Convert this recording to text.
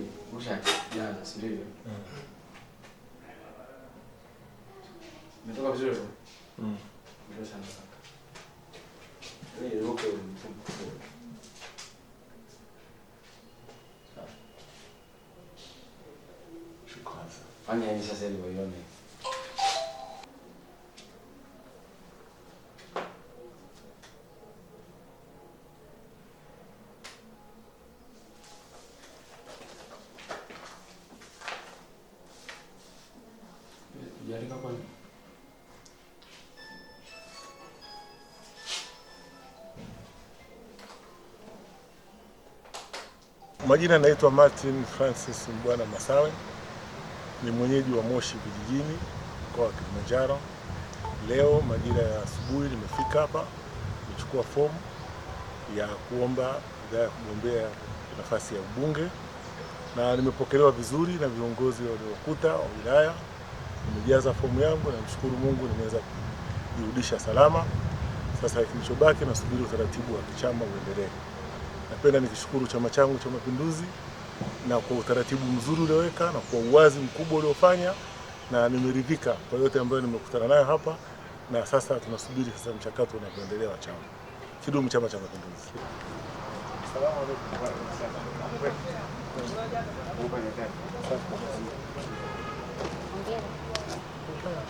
değil. Ruhen yani siliyor. Ne kadar güzel oldu. Hı. Böyle sen de kanka. İyi, yok yok. Şu kansa. Anne elini saseli var, yormayın. Majina naitwa Martin Francis Mbwana Masawe, ni mwenyeji wa Moshi vijijini, mkoa wa Kilimanjaro. Leo majira ya asubuhi nimefika hapa kuchukua fomu ya kuomba ridhaa ya kugombea nafasi ya ubunge, na nimepokelewa vizuri na viongozi waliokuta wa wilaya nimejaza fomu yangu na Mungu nimeweza kujirudisha salama. Sasa kilichobaki nasubiri utaratibu wa chama uendelee. Napenda nikishukuru chama changu cha Mapinduzi na kwa utaratibu mzuri ulioweka na kwa uwazi mkubwa uliofanya, na nimeridhika kwa yote ambayo nimekutana nayo hapa, na sasa tunasubiri sasa mchakato unavyoendelea wa chama. Kidumu Chama cha Mapinduzi!